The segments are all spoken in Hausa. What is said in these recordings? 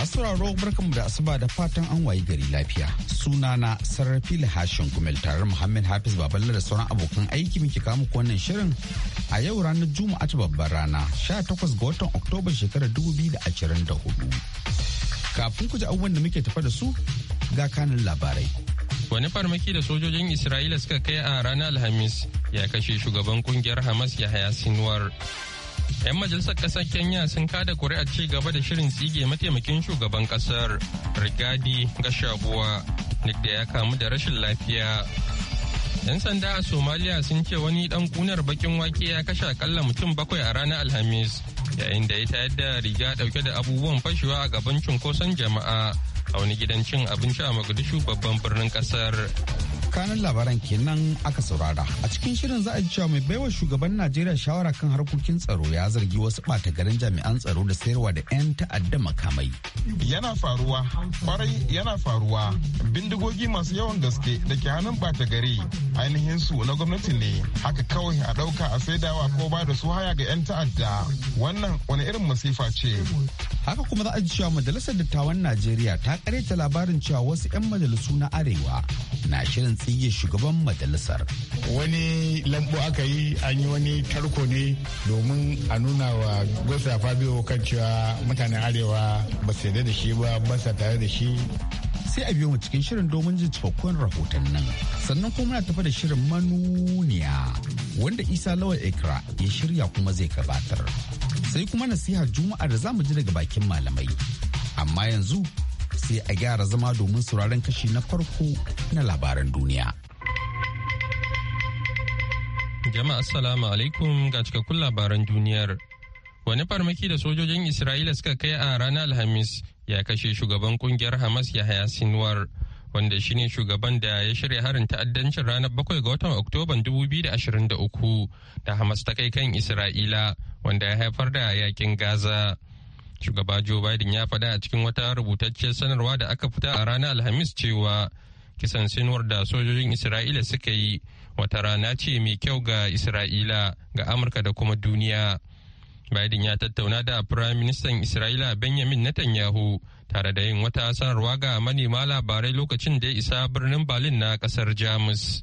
Masu sauraro barkanmu da asuba da fatan an wayi gari lafiya. suna Sunana Sarrafi Hashin kumel tare muhammed Hafiz baballa da sauran abokan aiki muke kawo muku wannan shirin a yau ranar Juma'a ta babbar rana 18 ga watan Oktoba shekarar 2024. Kafin ku ji abubuwan da muke tafa da su ga kanin labarai. Wani farmaki da sojojin Isra'ila suka kai a ranar Alhamis ya kashe shugaban kungiyar Hamas Yahaya sinuwar 'Yan majalisar ƙasar Kenya sun kada kuri'a ci gaba da shirin tsige mataimakin shugaban kasar Rigadi Gashabuwa duk da ya kamu da rashin lafiya. 'Yan sanda a Somalia sun ce wani dan kunar bakin wake ya kashe akalla mutum bakwai a ranar Alhamis yayin da ya tayar da riga dauke da abubuwan fashewa a gaban cunkoson jama'a a wani gidan cin abinci a Mogadishu babban birnin kasar. tsakanin labaran kenan aka saurara a cikin shirin za a ji cewa mai baiwa shugaban najeriya shawara kan harkokin tsaro ya zargi wasu ɓata garin jami'an tsaro da sayarwa da 'yan ta'adda makamai yana faruwa kwarai yana faruwa bindigogi masu yawan gaske da ke hannun ɓata gari ainihin su na gwamnati ne haka kawai a ɗauka a sai saidawa ko ba da su haya ga 'yan ta'adda wannan wani irin masifa ce haka kuma za a ji cewa majalisar dattawan najeriya ta karyata labarin cewa wasu 'yan majalisu na arewa na shirin tsige shugaban majalisar. Wani lambu aka yi an yi wani tarko ne domin a nuna wa Gosa Fabio kan cewa mutane Arewa ba su yarda da shi ba ba sa tare da shi. Sai a biyo mu cikin shirin domin jin cikakkun rahoton nan. Sannan kuma muna tafi da shirin manuniya wanda Isa Lawal Ikra ya shirya kuma zai gabatar. Sai kuma nasihar Juma'a da za mu ji daga bakin malamai. Amma yanzu sai a gyara zama domin sauraron kashi na farko na labaran duniya. Jama'a Assalamu alaikum ga cikakkun labaran duniyar. Wani farmaki da sojojin Isra'ila suka kai a ranar Alhamis ya kashe shugaban kungiyar Hamas Yahaya Sinwar, wanda shi ne shugaban da ya shirya harin ta'addancin ranar bakwai ga watan Oktoban 2023 da Hamas ta kai kan Isra'ila wanda ya haifar da yakin Gaza. Shugaba Joe Biden ya faɗa a cikin wata rubutacciyar sanarwa da aka fita a ranar Alhamis cewa kisan sinuwar da sojojin Isra'ila suka yi wata rana ce mai kyau ga Isra'ila ga Amurka da kuma duniya. Biden ya tattauna da Firayim Ministan Isra'ila Benjamin Netanyahu tare da yin wata sanarwa ga manema labarai lokacin da ya isa birnin Berlin na kasar Jamus.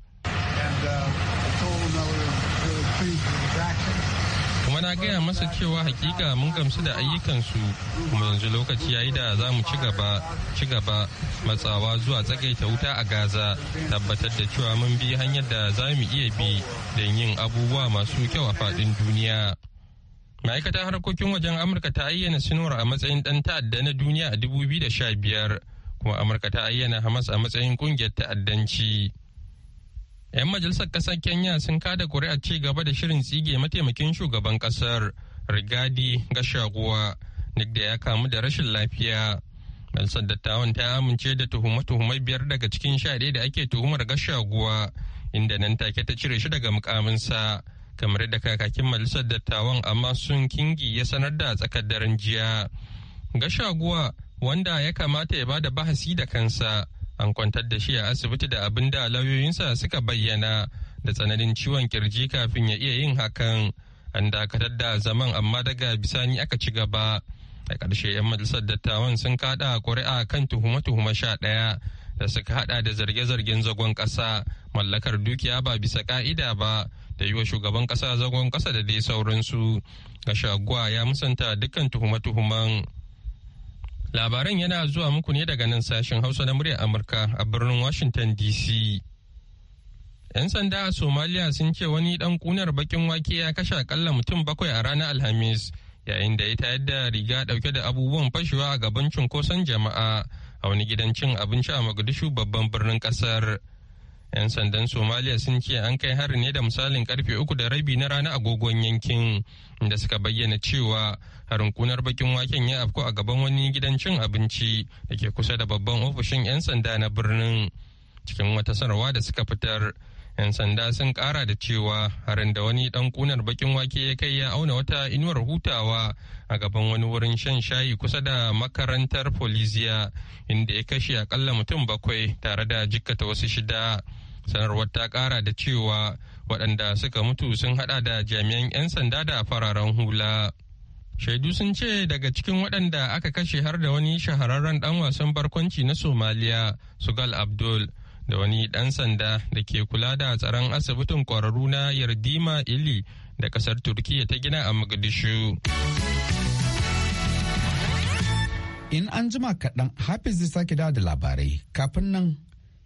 na gaya masa cewa hakika mun gamsu da ayyukansu kuma yanzu lokaci ya yi da za mu ci gaba matsawa zuwa tsagaita wuta a gaza tabbatar da cewa mun bi hanyar da za mu iya bi don yin abubuwa masu kyau a faɗin duniya ma'aikatar harkokin wajen amurka ta ayyana sinuwar a matsayin ɗan ta'adda na duniya a 2015 kuma amurka ta ayyana hamas a matsayin ƙungiyar ta'addanci. 'Yan majalisar ƙasar Kenya sun kada kuri'a ci gaba da shirin tsige mataimakin shugaban ƙasar Rigadi Gashaguwa duk da ya kamu da rashin lafiya. Majalisar dattawan ta amince da tuhume tuhumai biyar daga cikin sha ɗaya da ake tuhumar Gashaguwa inda nan take ta cire shi daga mukaminsa kamar da kakakin majalisar dattawan amma sun kingi ya sanar da tsakar daren jiya. Gashaguwa wanda ya kamata ya bada bahasi da kansa an kwantar da shi a asibiti da abin da lauyoyinsa suka bayyana da tsananin ciwon kirji kafin ya iya yin hakan an dakatar da zaman amma daga bisani aka ci gaba a ƙarshe 'yan majalisar dattawan sun kaɗa ƙuri'a kan tuhuma tuhuma sha ɗaya da suka haɗa da zarge-zargen zagon ƙasa mallakar dukiya ba bisa ƙa'ida ba da yi wa shugaban ƙasa zagon ƙasa da dai sauransu ga shaguwa ya musanta dukkan tuhume-tuhumen Labaran yana zuwa muku ne daga nan sashen Hausa na muryar Amurka a birnin Washington DC. 'Yan sanda a Somalia sun ce wani dan kunar bakin wake ya kashe akalla mutum bakwai a ranar Alhamis yayin da ya tayar da riga ɗauke da abubuwan fashewa a gaban cunkoson jama'a a wani gidan cin abinci a Mogadishu babban birnin ƙasar. 'yan sandan somaliya sun ce an kai hari ne da misalin karfe uku da rabi na rana agogon yankin da suka bayyana cewa harin kunar bakin waken ya afko a gaban wani gidan cin abinci da ke kusa da babban ofishin 'yan sanda na birnin cikin wata sanarwa da suka fitar 'yan sanda sun kara da cewa harin da wani dan kunar bakin wake ya kai ya auna wata inuwar hutawa a gaban wani wurin shan shayi kusa da makarantar polisiya inda ya kashe akalla mutum bakwai tare da jikkata wasu shida sanarwar ta kara da cewa waɗanda suka mutu sun hada da jami'an 'yan sanda da fararen hula shaidu sun ce daga cikin waɗanda aka kashe har da wani shahararren ɗan wasan barkwanci na somaliya sugal abdul da wani ɗan sanda da ke kula da tsaron asibitin ƙwararru na yardima ili da ƙasar turkiyya ta gina a mogadishu in an jima kaɗan hafiz zai sake da labarai kafin nan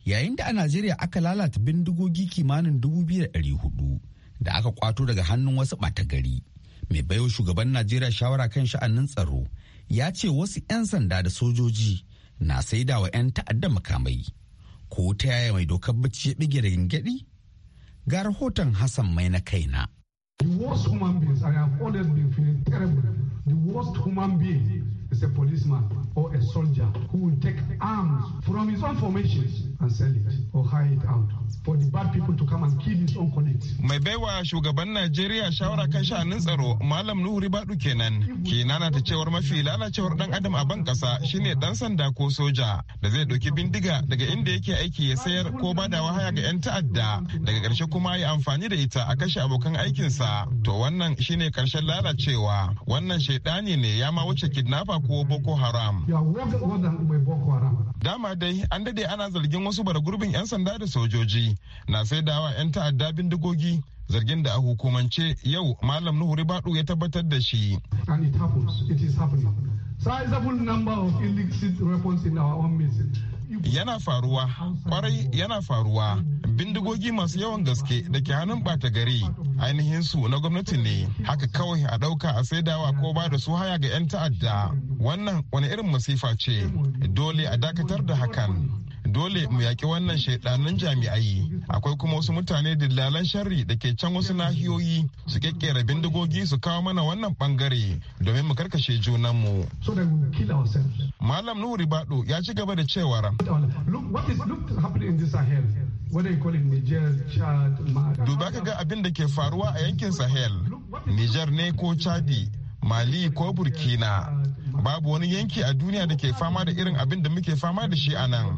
yayin da a najeriya aka lalata bindigogi kimanin dubu biyu da hudu da aka kwato daga hannun wasu ɓata gari mai baiwa shugaban najeriya shawara kan sha'anin tsaro ya ce wasu 'yan sanda da sojoji na saida wa 'yan ta'adda makamai ko ta yaya mai dokar bacci ya bige da gingadi ga rahoton hassan mai na kaina The worst human being is a policeman. or a soldier who will take arms from his own formations and sell it or hide it out for the bad people to come and kill his own colleagues. Mai baiwa shugaban Najeriya shawara kan sha'anin tsaro Malam Nuhu Ribadu kenan ke nana ta cewar mafi lalacewar dan adam a ban kasa shine dan sanda ko soja da zai dauki bindiga daga inda yake aiki ya sayar ko badawa wahaya ga yan ta'adda daga karshe kuma ya amfani da ita a kashe abokan aikinsa to wannan shine karshen lalacewa wannan shaidani ne ya ma wuce kidnapper ko Boko Haram. dama dai an dade ana zargin wasu bara gurbin yan sanda da sojoji na sai dawa yan ta'adda bindigogi zargin da a hukumance yau malam nuhu ribadu ya tabbatar da shi and it of illicit weapons yana faruwa kwarai yana faruwa bindigogi masu yawan gaske da ke hannun bata gari ainihin su na gwamnati ne haka kawai a ɗauka a saidawa ko ba da su haya ga 'yan ta'adda wannan wani irin masifa ce dole a dakatar da hakan dole mu yaƙi wannan shaidanun jami'ai akwai kuma wasu mutane dillalan sharri da ke can wasu nahiyoyi su kekkera bindigogi su kawo mana wannan bangare domin mu karkashe junanmu malam nuhu ribado ya ci gaba da cewar Duba ka ga abin da ke faruwa a yankin Sahel, Nijar ne ko Chadi, Mali ko Burkina. Babu wani yanki a duniya da ke fama da irin abin da muke fama da shi a nan.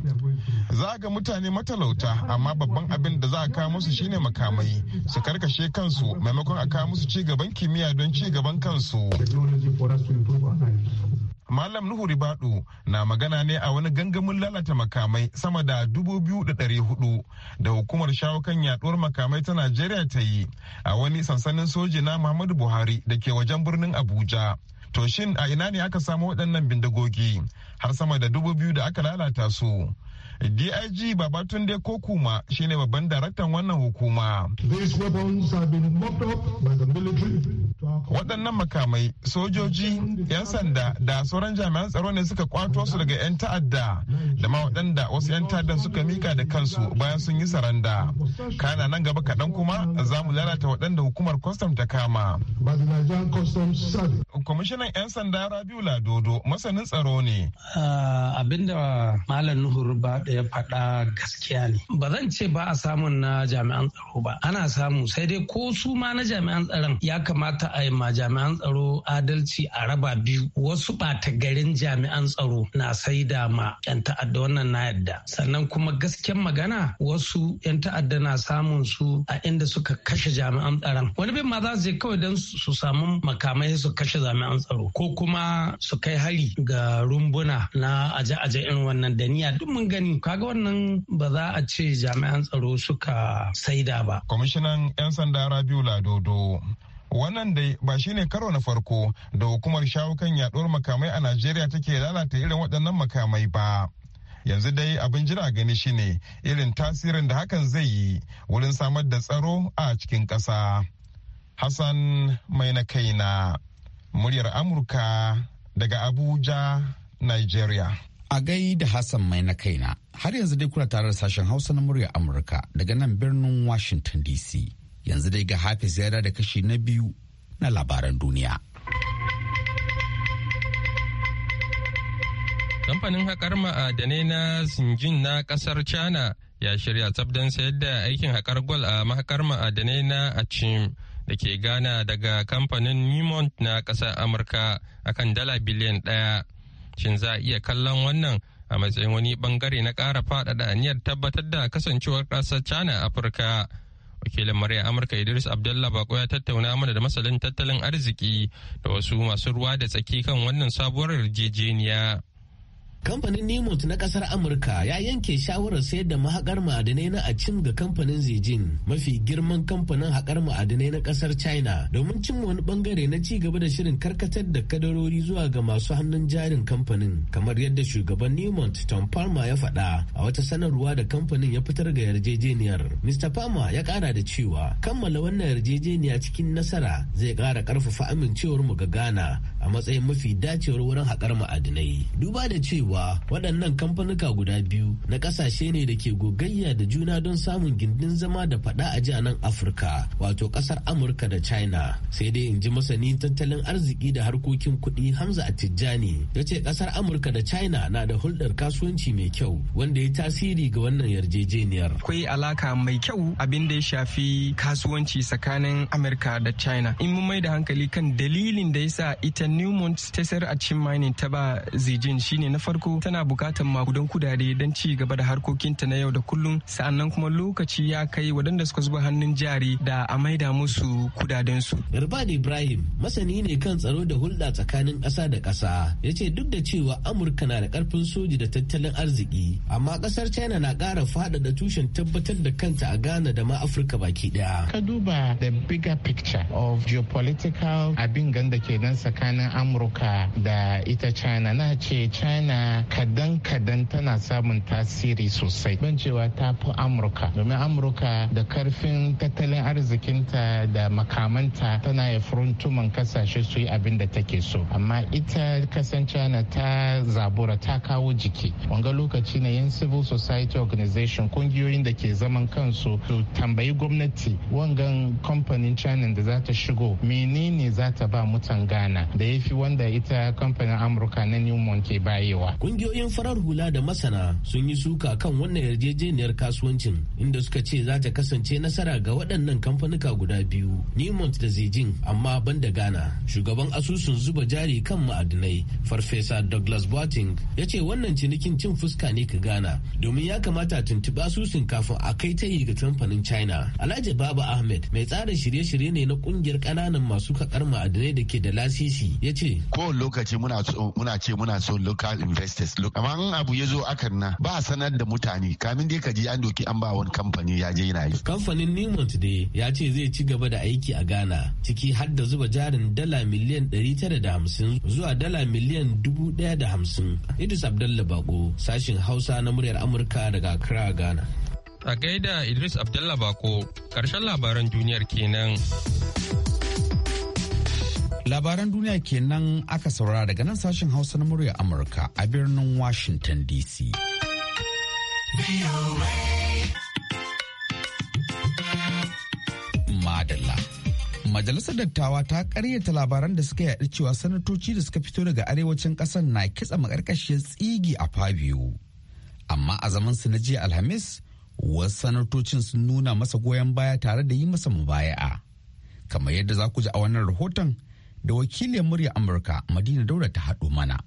Za ga mutane matalauta amma babban abin da za a kawo musu shine makamai su karkashe kansu maimakon a kawo musu ci gaban kimiyya don ci gaban kansu. Malam Nuhu Ribadu na magana ne a wani gangamin lalata makamai sama da dubu biyu da ɗari hudu da hukumar shawo kan yaduwar makamai ta Najeriya ta yi a wani sansanin soji na Muhammadu Buhari da ke wajen birnin Abuja. To shin a ina ne aka samu waɗannan bindigogi har sama da dubu biyu da aka lalata su? dig babatunde kuma shine babban daraktan wannan hukuma waɗannan makamai sojoji 'yan sanda da sauran jami'an tsaro ne suka kwato su daga 'yan ta'adda da ma waɗanda wasu 'yan ta'addan suka mika da kansu bayan sun yi saranda kana nan gaba kaɗan kuma za mu lalata waɗanda hukumar kwastam ta kama kwamishinan 'yan sanda rabiu ladodo masanin tsaro ne ah, abinda malam nuhu da ya faɗa gaskiya ne ba zan ce ba a samun na jami'an tsaro ba ana samu sai dai ko su ma na jami'an tsaron ya kamata a yi ma jami'an tsaro adalci a raba biyu wasu ɓata garin jami'an tsaro na sai da ma 'yan ta'adda wannan na yadda sannan kuma gasken magana wasu 'yan ta'adda na samun su a inda suka kashe jami'an tsaron wani bin ma za su je kawai don su samu makamai su kashe jami'an tsaro ko kuma su kai hari ga rumbuna na aje-aje irin wannan da niyya duk mun gani kaga wannan ba za a ce jami'an tsaro suka saida ba kwamishinan 'yan sanda rabiu ladodo wannan dai ba shi ne karo na farko da hukumar shawukan kan yaduwar makamai a najeriya take lalata irin waɗannan makamai ba yanzu dai abin jira gani shi ne irin tasirin da hakan zai yi wurin samar da tsaro a cikin ƙasa hassan mai na kaina muryar amurka daga abuja nigeria a gai da Hassan mai na kaina. Har yanzu dai kuna tare da sashen Hausa na murya Amurka daga nan birnin Washington DC. Yanzu dai ga Hafiz ziyara da kashi na biyu na labaran duniya. Kamfanin haƙar ma'adanai na Xinjiang na ƙasar China ya shirya tsabdan sayar da aikin haƙar gwal a mahaƙar ma'adanai na Achim da ke Ghana daga kamfanin Newmont na ƙasar Amurka akan dala biliyan ɗaya. shin za a iya kallon wannan a matsayin wani bangare na ƙara faɗaɗa aniyar tabbatar da kasancewar ƙasar china a afirka wakilin murya amurka idris abdullah bako ya tattauna mana da masalin tattalin arziki da wasu masu ruwa da tsaki kan wannan sabuwar yarjejeniya kamfanin nimot na kasar amurka ya yanke shawarar sayar da mahakar ma'adinai na acim ga kamfanin zijin mafi girman kamfanin haƙar ma'adinai na ƙasar china domin cimma wani bangare na ci gaba da shirin karkatar da kadarori zuwa ga masu hannun jarin kamfanin kamar yadda shugaban nimot tom palmer ya faɗa a wata sanarwa da kamfanin ya fitar ga yarjejeniyar mr palmer ya ƙara da cewa kammala wannan yarjejeniya cikin nasara zai ƙara ƙarfafa amincewar mu ga ghana a matsayin mafi dacewar wurin haƙar ma'adinai duba da cewa cewa waɗannan kamfanuka guda biyu na ƙasashe ne da ke gogayya da juna don samun gindin zama da faɗa a jihar nan Afirka wato ƙasar Amurka da China. Sai dai in ji masani tattalin arziki da harkokin kuɗi Hamza atijani ya ce ƙasar Amurka da China na da hulɗar kasuwanci mai kyau wanda ya tasiri ga wannan yarjejeniyar. Akwai alaka mai kyau abin da ya shafi kasuwanci tsakanin Amurka da China. In mun mai da hankali kan dalilin da yasa ita Newmont ta sayar a cin mining ta ba Zijin shine na farko farko tana maku makudan kudade don ci gaba da harkokinta na yau da kullum sa'annan kuma lokaci ya kai waɗanda suka zuba hannun jari da a maida musu kudadensu. Irbad Ibrahim masani ne kan tsaro da hulɗa tsakanin ƙasa da ƙasa yace duk da cewa Amurka na da ƙarfin soji da tattalin arziki amma ƙasar China na ƙara faɗaɗa tushen tabbatar da kanta a Ghana da ma Afirka baki ɗaya. Ka duba the bigger picture of geopolitical abin ganda ke nan tsakanin Amurka da ita China na ce China kadan kadan tana samun tasiri sosai ban cewa ta fi amurka domin amurka da karfin tattalin arzikinta da makamanta tana ya furuntuman kasashe su yi abin da take so amma ita kasan na ta zabura ta kawo jiki wanga lokaci na yan civil society organization kungiyoyin da ke zaman kansu su tambayi gwamnati wangan kamfanin china da za ta shigo menene za ta ba mutan ghana da ya fi wanda ita kamfanin amurka na newmont ke bayewa Kungiyoyin farar hula da masana sun yi suka kan wannan yarjejeniyar kasuwancin inda suka ce za ta kasance nasara ga waɗannan kamfanuka guda biyu, Newmont da Zijin amma ban da Ghana. Shugaban asusun zuba jari kan ma'adinai, Farfesa Douglas Boating ya ce wannan cinikin cin fuska ne ka Ghana domin ya kamata tuntuɓi asusun kafin a kai ta yi ga kamfanin China. Alhaji Baba Ahmed mai tsara shirye-shirye ne na kungiyar ƙananan masu kakar ma'adinai da ke da lasisi ya ce. Kowane lokaci muna ce muna so local test look amma abu ya zo akan na ba sanar da mutane kamin dai ka je an doki an ba wani kamfani ya je yana yi kamfanin Newmont dai ya ce zai ci gaba da aiki a Ghana ciki har da zuba jarin dala miliyan 950 zuwa dala miliyan 1050 Idris abdullahi Bako sashin Hausa na muryar Amurka daga Accra Ghana a gaida Idris abdullahi Bako karshen labaran duniyar kenan Labaran duniya kenan aka saura daga nan sashen Hausa na murya Amurka a birnin Washington DC. Madalla. Majalisar Dattawa ta karyata labaran da suka yaɗa cewa sanatoci da suka fito daga arewacin ƙasar na kitsa makarkashiyar tsigi a Fabio. Amma a su na jiya Alhamis, wasu sanatocin sun nuna masa goyon baya tare da yi masa mubaya'a. Kamar yadda za ku ji a wannan rahoton, da wakilin murya Amurka Madina Daura ta haɗu mana.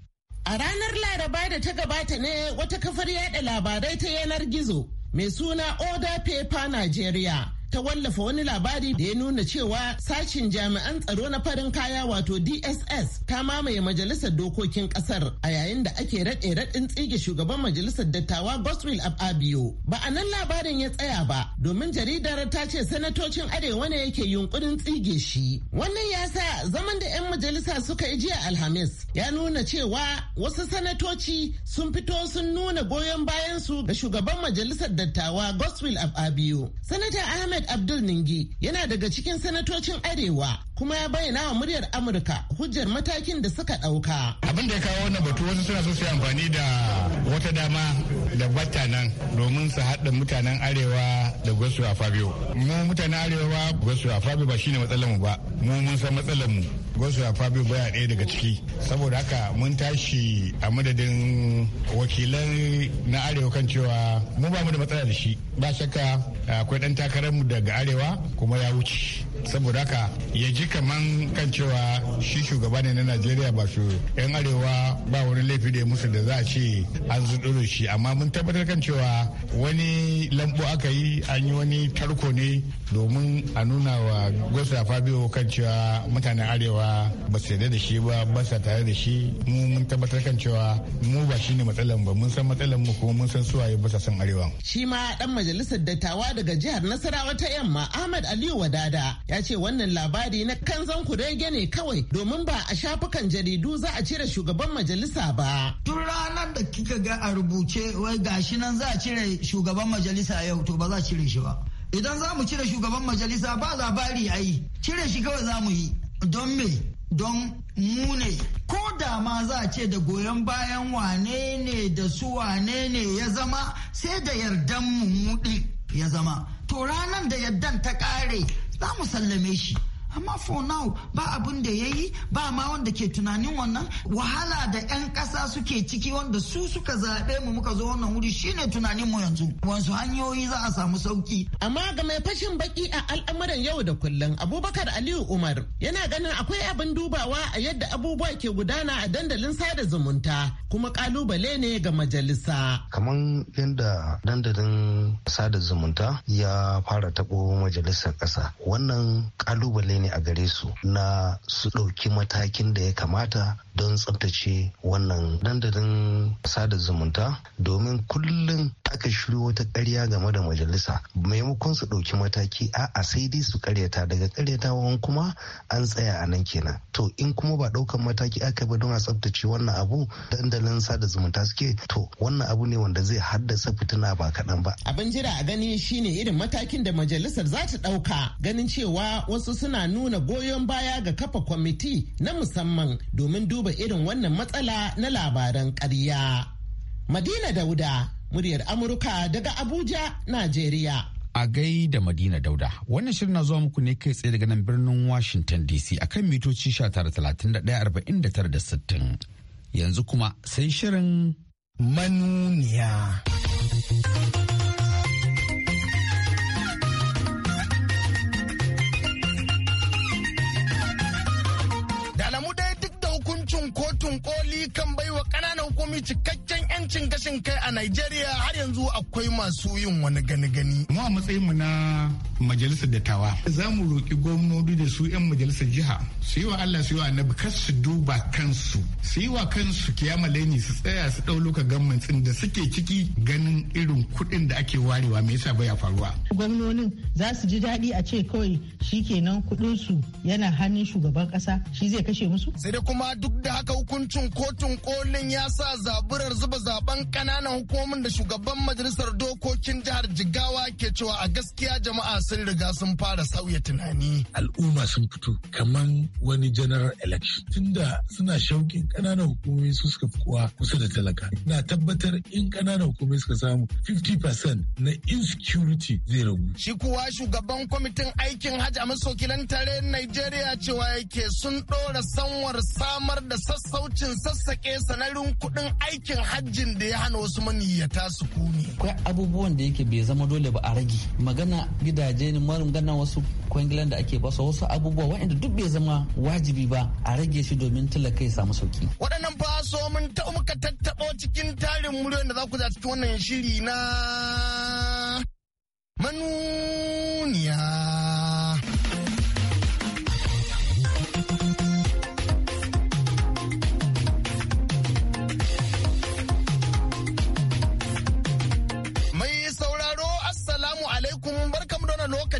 A ranar Laraba da ta gabata ne wata kafar yada labarai ta yanar gizo mai suna Oda Paper Nigeria ta wallafa wani labari da ya nuna cewa sashin jami'an tsaro na farin kaya wato DSS ta mamaye majalisar dokokin kasar a yayin da ake raɗe raɗin tsige shugaban majalisar dattawa Goswill Abio. Ba a nan labarin ya tsaya ba domin jaridar ta ce sanatocin arewa ne yake yunkurin tsige shi. Wannan ya sa zaman da 'yan majalisa suka yi jiya Alhamis ya nuna cewa wasu sanatoci sun fito sun nuna goyon bayansu ga shugaban majalisar dattawa Goswill Abio. Sanata Ahmed Abdul ninge yana daga cikin sanatocin Arewa kuma ya bayyana wa muryar Amurka hujjar matakin da suka ɗauka. Abin da ya kawo wannan batu wasu suna so su yi amfani da wata dama da bata nan domin su haɗa mutanen arewa da gwasu a fabio mu mutanen arewa gwasu a fabio ba shine matsalar mu ba mu mun san matsalar mu gwasu a fabio baya ɗaya daga ciki saboda haka mun tashi a madadin wakilan na arewa kan cewa mu ba mu da matsala da shi ba shakka akwai ɗan takararmu daga arewa kuma ya wuce saboda haka ya ji kaman kan cewa shi shugaba ne na najeriya ba su yan arewa ba wani laifi da ya musu da za a ce an zuɗuru shi amma mun tabbatar kan cewa wani lambu aka yi an yi wani tarko ne domin a nuna wa gwasa fabio kan cewa mutane arewa ba su yarda da shi ba ba sa tare da shi mu mun tabbatar kan cewa mu ba ne matsalan ba mun san matsalan mu kuma mun san su waye ba sa san arewa shi ma dan majalisar dattawa daga jihar nasarawa ta yamma ahmad aliyu wadada ya ce wannan labari na kanzan kurege ne kawai domin ba a shafukan jaridu za a cire shugaban majalisa ba tun ranar da kika ga a rubuce wai wai gashi nan za a cire shugaban majalisa yau to ba za a cire shi ba idan za mu cire shugaban majalisa ba labari a yi cire shi kawai za mu yi don me don mune ko da ma za a ce da goyon bayan wane ne da su wane ne ya zama sai da yardan mu ya zama to ranar da yardan ta kare za mu sallame shi amma for now ba abin da ya yi ba ma wanda ke tunanin wannan wahala da 'yan kasa suke ciki wanda su suka zaɓe mu muka zo wannan wuri shine tunanin mu yanzu wasu hanyoyi za a samu sauki amma ga mai fashin baki a al'amuran yau da kullum abubakar aliyu umar yana ganin akwai abin dubawa a yadda abubuwa ke gudana a dandalin sada zumunta kuma kalubale ne ga majalisa Kaman yadda dandalin sada zumunta ya fara tabo majalisar kasa wannan kalubale ne ne a gare su na su ɗauki matakin da ya kamata don tsabtace wannan dandalin sada zumunta domin kullum aka shiryo wata karya game da majalisa maimakon su ɗauki mataki a sai dai su karyata daga ƙaryatawan kuma an tsaya a nan kenan to in kuma ba ɗaukan mataki aka ba don a tsabtace wannan abu dandalin sada zumunta suke to wannan abu ne wanda zai haddasa fitina ba kaɗan ba abin jira a gani shine irin matakin da majalisar za ta ɗauka ganin cewa wasu suna nuna goyon baya ga kafa kwamiti na musamman domin duba duba irin wannan matsala na labaran ƙarya. Madina Dauda, muryar Amurka daga Abuja, Najeriya. A gai da Madina Dauda, wannan shirin na zuwa muku ne kai tsaye daga nan birnin Washington DC a kan mitoci 1931 Yanzu kuma sai shirin manuniya. kotun koli kan baiwa komi cikakken yancin gashin kai a Najeriya har yanzu akwai masu yin wani gani-gani. Mu a mu na majalisar dattawa za mu roƙi gwamnoni da su 'yan majalisar jiha su yi wa Allah su yi wa annabi kar su duba kansu su yi wa kansu kiyama su tsaya su ɗau loka da suke ciki ganin irin kuɗin da ake warewa me yasa baya faruwa. Gwamnonin za su ji daɗi a ce kawai shi kenan kuɗin su yana hannun shugaban ƙasa shi zai kashe musu. Sai dai kuma duk da haka hukuncin kotun kolin ya sa zaburar zuba zaben kananan hukumomin da shugaban majalisar dokokin jihar Jigawa ke cewa a gaskiya jama'a sun riga sun fara sauya tunani. Al'umma sun fito kaman wani general election tunda suna shauƙin kananan hukumomi su suka fi kowa kusa da talaka. Na tabbatar in kananan hukumomi suka samu 50% na insecurity zai ragu. Shi kuwa shugaban kwamitin aikin hajji a masokilan tare Najeriya cewa yake sun ɗora sanwar samar da sassaucin sassaƙe sanarin kuɗin aikin hajjin da ya hana wasu maniyyata su kuni. Akwai abubuwan da yake bai zama dole ba a rage. Magana gidaje ne gana wasu kwangilan da ake basa wasu abubuwa waɗanda duk bai zama wajibi ba a rage shi domin talaka ya samu sauki. Waɗannan fa so mun ta muka tattaɓo cikin tarin muryoyin da za ku za cikin wannan shiri na manuniya.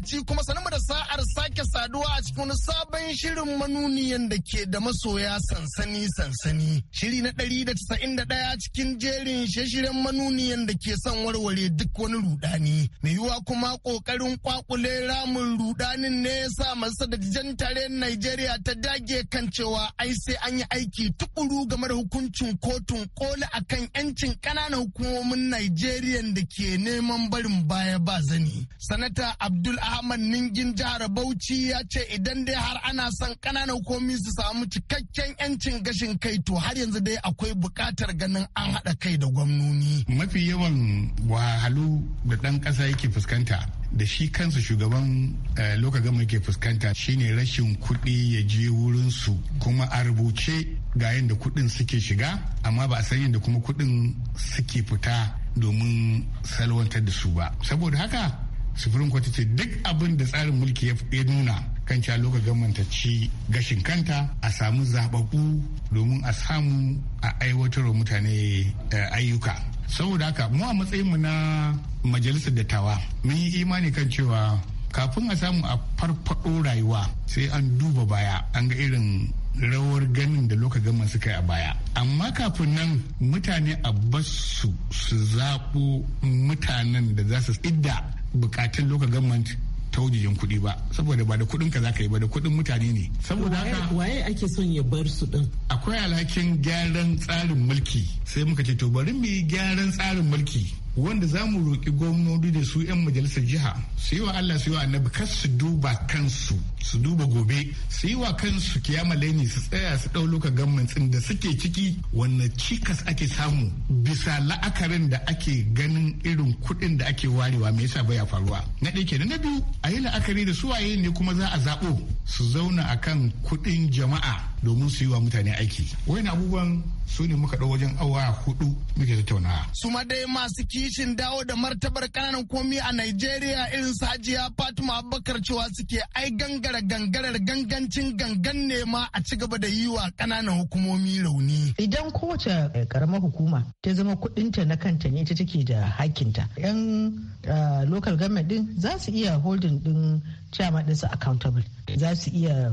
lokaci kuma sanmu da sa'ar sake saduwa a cikin sabon shirin manuniyan da ke da masoya sansani sansani. Shiri na ɗari da da ɗaya cikin jerin shirin manuniyan da ke son warware duk wani rudani. Mai yiwuwa kuma ƙoƙarin kwakule ramin rudanin ne ya sa masu dattijan tare Najeriya ta dage kan cewa ai sai an yi aiki tukuru game da hukuncin kotun koli akan 'yancin ƙananan hukumomin Najeriya da ke neman barin baya ba zani. Sanata Abdul Ahad Ahmad Ningin jihar Bauchi ya ce idan dai har ana son ƙananan komi su samu cikakken 'yancin gashin kai to har yanzu dai akwai bukatar ganin an haɗa kai da gwamnoni. Mafi yawan wahalu da ɗan ƙasa yake fuskanta da shi kansa shugaban eh, loka gama yake fuskanta shine rashin kuɗi ya je wurinsu kuma a rubuce ga yadda kuɗin suke shiga amma ba a san yadda kuma kuɗin suke fita domin salwantar da su ba saboda haka supreme court ce duk abin da tsarin mulki ya nuna kan cewa lokacin gashin kanta a samu zababu domin a samu a aiwatarwa mutane eh, ayyuka saboda haka mu a matsayin mu na majalisar dattawa mun yi imani kan cewa kafin a samu a farfaɗo rayuwa sai an duba baya an ga irin rawar ganin da lokacin suka yi a baya amma kafin nan mutane a basu su zaɓo mutanen da za su idda bukatun local government ta wajen kuɗi ba saboda ba da kuɗin ka zaka yi ba da kuɗin mutane ne saboda haka waye ake son ya bar su din akwai alhakin gyaran tsarin mulki sai muka ce to bari mu yi gyaran tsarin mulki wanda za mu roƙi gwamnoni da su 'yan majalisar jiha su yi wa Allah su yi wa annabi kar su duba kansu su duba gobe su yi wa kansu kiyama laini su tsaya su ɗau loka gammancin da suke ciki Wannan cikas ake samu bisa la'akarin da ake ganin irin kuɗin da ake warewa me yasa baya faruwa na ɗaya kenan na biyu a yi la'akari da su waye ne kuma za a zaɓo su zauna akan kuɗin jama'a domin su yi wa mutane aiki wani abubuwan su ne muka ɗau wajen awa hudu muke tattaunawa. su ma dai masu kishin dawo da martabar kananan komi a Najeriya irin sajiya Fatima Abubakar cewa suke ai gangara gangarar gangancin gangan ne ma a ci gaba da yi wa kananan hukumomi rauni. Idan kowace karamar eh, hukuma ta zama kudinta na kanta ne ta take da hakinta. 'Yan eh, local government din za su iya holding din chairman su accountable. Za su iya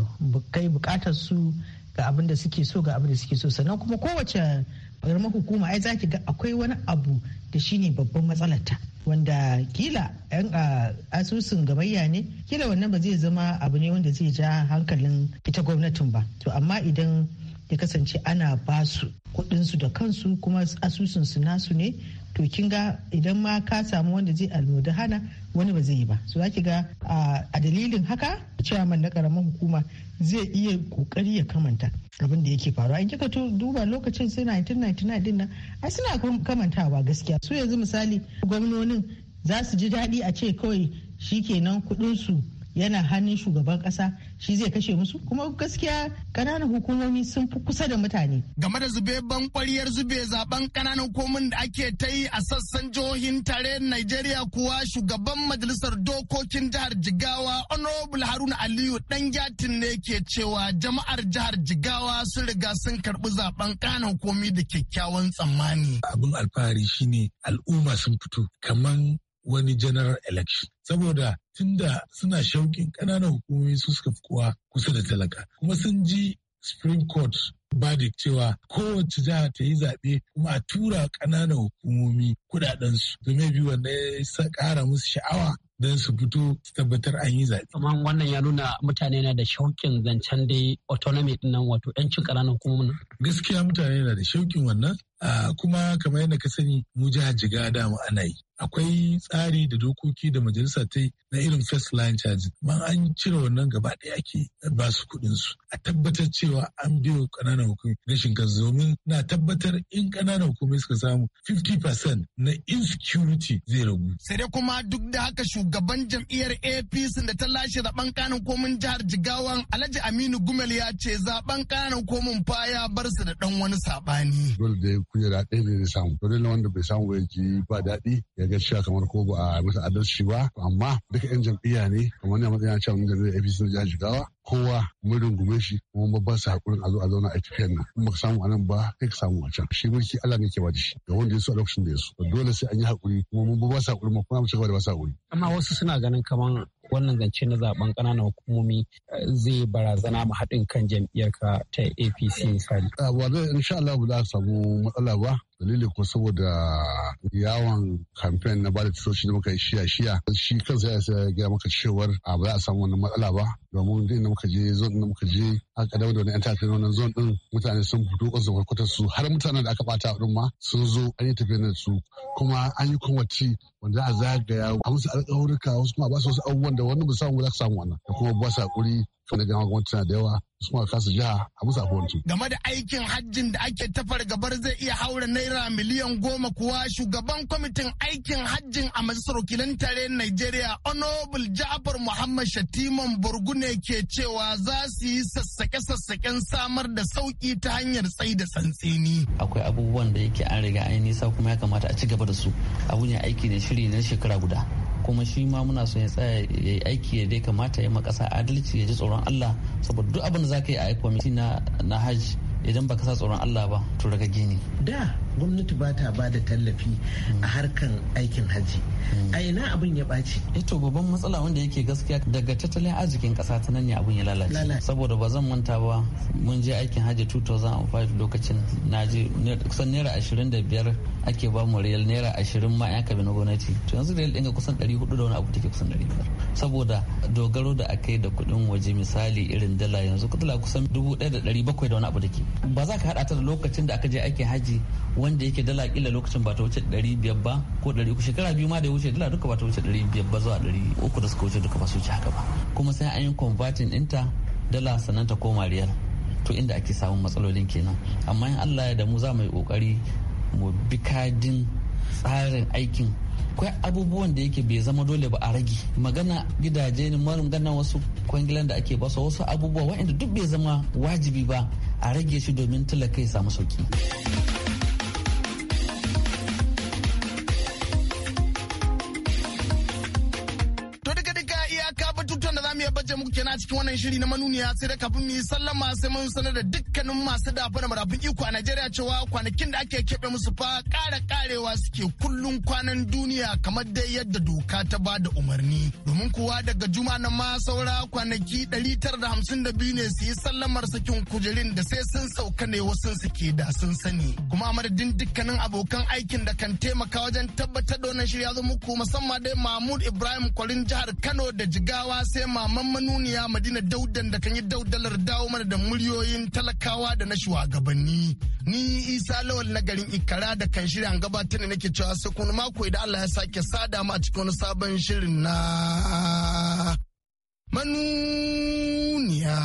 kai bukatar su ga abin da suke so ga abin da suke so sannan kuma kowace ƙaramar hukuma ai zaki ga akwai wani abu da shine babban matsalata. wanda kila yan asusun gamayya ne kila wannan ba zai zama abu ne wanda zai ja hankalin ita gwamnatin ba to amma idan ya kasance ana ba su da kansu kuma asusun su nasu ne to kin ga idan ma ka samu wanda zai hana wani ba zai yi ba so zaki ga a dalilin haka man na karamar hukuma zai iya kokari ya kamanta abin da yake faruwa in kika duba lokacin sai 1999 din nan ai suna kamantawa gaskiya su yanzu misali gwamnonin za su ji daɗi a ce kawai shikenan kuɗin su yana hannun shugaban kasa shi zai kashe musu kuma gaskiya kananan hukumomi sun fi kusa da mutane game da zube ban kwariyar zube zaben kananan komin da ake ta yi a sassan jihohin tare Najeriya kuwa shugaban majalisar dokokin jihar Jigawa Honorable Haruna Aliyu dan gyatin ne ke cewa jama'ar jihar Jigawa sun riga sun karbi zaben kananan komi da kyakkyawan tsammani abin alfahari shine al'umma sun fito kaman wani general election saboda tunda suna shauƙin ƙananan hukumomi su suka fi kowa kusa da talaka kuma sun ji supreme court da cewa kowace jiha ta yi zaɓe kuma a tura ƙananan hukumomi kuɗaɗensu mai biyu wanda ya ƙara musu sha'awa don su fito su tabbatar an yi zaɓe. Amma wannan ya nuna mutane na da shauƙin zancen dai autonomy nan wato ƴancin ƙananan hukumomi. Gaskiya mutane na da shauƙin wannan kuma kamar yadda ka sani mu jihar jiga dama ana yi akwai tsari da dokoki da majalisa ta yi na irin first line charge ma an cire wannan gaba ɗaya ake ba su kuɗin su a tabbatar cewa an biyo ƙananan hukumai rashin kansu domin na tabbatar in ƙananan hukumai suka samu 50% na insecurity zai ragu. sai dai kuma duk da haka shugaban jam'iyyar apc da ta lashe zaben kanin komin jihar jigawan alhaji aminu gumel ya ce zaben kananan komin fa ya bar su da ɗan wani sabani. kujera ɗaya da samu to dole wanda bai samu bai ji ba daɗi ya ga cewa kamar ko ba a masa adalci ba amma duka yan jam'iyya ne kamar ne matsayin cewa mun jam'iyyar APC na jihar Jigawa kowa mun rungume shi kuma babban hakuri a zo a zauna a tafiyar nan kuma ka samu a nan ba kai ka samu a can shi mulki Allah ne ke ba shi ga wanda ya so a lokacin da ya so dole sai an yi hakuri kuma mun babban sakurin ma kuma mun ci gaba da ba hakuri amma wasu suna ganin kamar wannan zance na zaben ƙananan hukumomi eh, zai barazana ma haɗin kan jam'iyyarka ta apc misali. Ah, ba in sha Allah ba za a samu matsala ba dalili ko saboda yawon kamfen na da tasoshi da muka yi shiya shiya shi kansa ya gaya maka cewar a ah, ba za a samu wani matsala ba domin duk inda muka je zon da muka je aka dawo da wani yan tafiya wannan zon din mutane sun fito kwasu kwarkwatar su har mutanen da aka bata a ma sun zo an yi tafiya su kuma an yi kwamati wanda a zagaya a musu alƙawarka wasu kuma ba su wasu abubuwan da wani musamman za ka samu wannan da kuma ba su haƙuri kan da gama gwamnati da yawa su kuma kasu jiha a musu abuwanci. Game da aikin hajjin da ake tafar gabar zai iya haura naira miliyan goma kuwa shugaban kwamitin aikin hajjin a majalisar wakilan tare Najeriya Honorable Ja'far Muhammad Shatiman Burguni ne ke cewa za su yi sassake-sassaken samar da sauki ta hanyar tsai da santsini Akwai abubuwan da yake an riga an nisa kuma ya kamata a ci gaba da su. Abu ne aiki ne shiri na shekara guda. kuma shi ma muna so ya tsaya ya yi aiki ya dai kamata ya makasa adalci ya ji tsoron Allah saboda duk abin da za ka yi a kwamiti na hajj idan baka sa tsoron Allah ba to daga gini. Da gwamnati ba ta ba da tallafi a harkan aikin hajji a ina abin ya ɓaci ito eh babban matsala wanda yake gaskiya daga tattalin arzikin ƙasa ta nan ne abin ya lalace saboda ba zan manta ba mun je aikin hajji 2005 lokacin na je kusan naira ashirin da biyar ake ba mu real naira ashirin ma yan kabi na gwamnati to yanzu real ɗin kusan ɗari hudu da wani abu take kusan ɗari biyar saboda dogaro da aka yi da kuɗin waje misali irin dala yanzu kudula kusan dubu 1,700 da wani abu take ba za ka haɗa ta da lokacin da aka je aikin hajji wanda yake dala kila lokacin ba ta wuce 500 ba ko 300 shekara biyu ma da ya wuce dala duka ba ta wuce 500 ba zuwa 300 da suka wuce duka ba su wuce haka ba kuma sai an yi converting inta dala sannan ta koma riyal to inda ake samun matsalolin kenan amma in Allah ya da mu za mu yi kokari mu bi kadin tsarin aikin kwai abubuwan da yake bai zama dole ba a rage magana gidaje ne gana wasu kwangilan da ake basu wasu abubuwa wa'inda duk bai zama wajibi ba a rage shi domin talaka ya samu sauki. cikin wannan shiri na manuniya sai da kafin mu yi sallama sai mun sanar da dukkanin masu dafa da marafin iko a Najeriya cewa kwanakin da ake keɓe musu fa ƙara ƙarewa suke kullum kwanan duniya kamar dai yadda doka ta ba da umarni. Domin kuwa daga juma na ma saura kwanaki 952 ne su yi sallamar sakin kujerin da sai sun sauka ne wasu suke da sun sani. Kuma madadin dukkanin abokan aikin da kan taimaka wajen tabbatar da wannan shirya zo muku musamman dai Mahmud Ibrahim Kwalin jihar Kano da Jigawa sai Maman Manuniya madina daudan da kan yi daudalar dawo mana da muryoyin talakawa da na shugabanni ni isa lawal na garin ikara da kan shirya gabatar da nake cewa sai kun mako idan allah ya sake sada mu a cikin wani sabon shirin na manuniya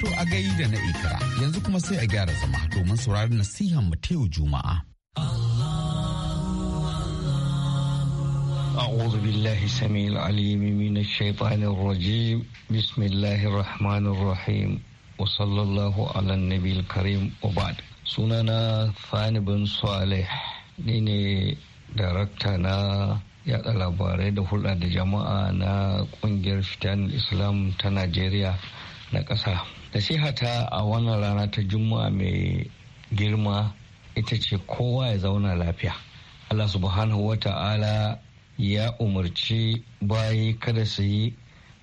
to a gaida na ikara yanzu kuma sai a gyara zama domin sauraron nasihan mu ta yau juma'a أعوذ بالله السميع العليم من الشيطان الرجيم بسم الله الرحمن الرحيم وصلى الله على النبي الكريم وبعد sunana Fani bin Saleh ni ne darakta na yada labarai da hulɗa da jama'a na ƙungiyar fitan Islam ta Najeriya na ƙasa. Nasihata a wannan rana ta Juma'a mai girma ita ce kowa ya zauna lafiya. Allah subhanahu wa ta'ala ya umarci bayi kada su yi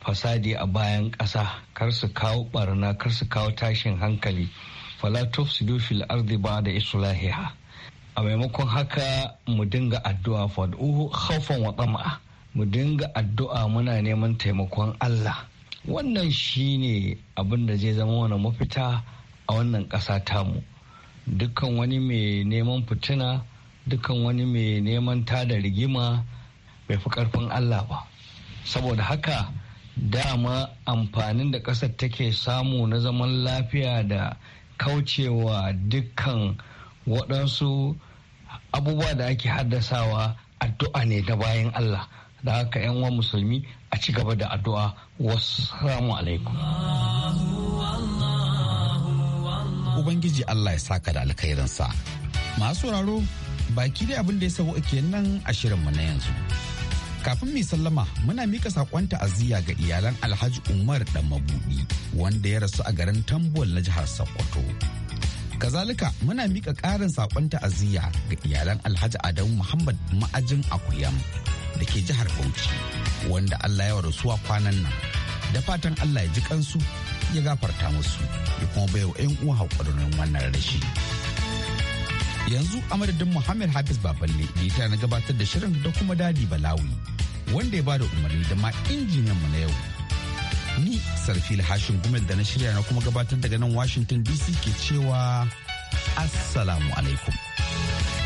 fasadi a bayan ƙasa kar su kawo barna kar su kawo tashin hankali dufi tufsidu ba da ba'da lahiya a maimakon haka mu dinga addu'a fadu khawfan wa mu dinga addu'a muna neman taimakon Allah wannan shine abin da zai zama wani mafita a wannan ƙasa tamu dukkan wani mai neman fitina dukkan wani mai neman tada rigima bai fi karfin Allah ba saboda haka dama amfanin da ƙasar take samu na zaman lafiya da kaucewa dukkan waɗansu abubuwa da ake haddasawa addu'a ne da bayan Allah da haka 'yan musulmi a ci gaba da addu'a wassalamu alaikum ubangiji Allah ya saka da alkhairinsa masu sauraro baki dai abin da ya sabo nan a shirinmu na yanzu Kafin mai sallama muna mika sakon ta'aziyya ga iyalan Alhaji Umar dan Mabudi wanda ya rasu a garin Tambol na jihar Sokoto. Kazalika muna mika ƙarin sakon ta'aziyya ga iyalan Alhaji Adamu Muhammad ma'ajin Akuyam da ke jihar Bauchi wanda Allah ya rasuwa kwanan nan. Da fatan Allah ya ji kansu ya gafarta musu ya kuma baiwa 'yan uwa haƙurin wannan rashi. yanzu a madadin muhammad hafiz baballe da na gabatar da shirin da kuma dadi balawi wanda ya bada umarni da ma injiniyan mu na yau ni sarfil Hashim gumel da na shirya na kuma gabatar daga nan washington dc ke cewa assalamu alaikum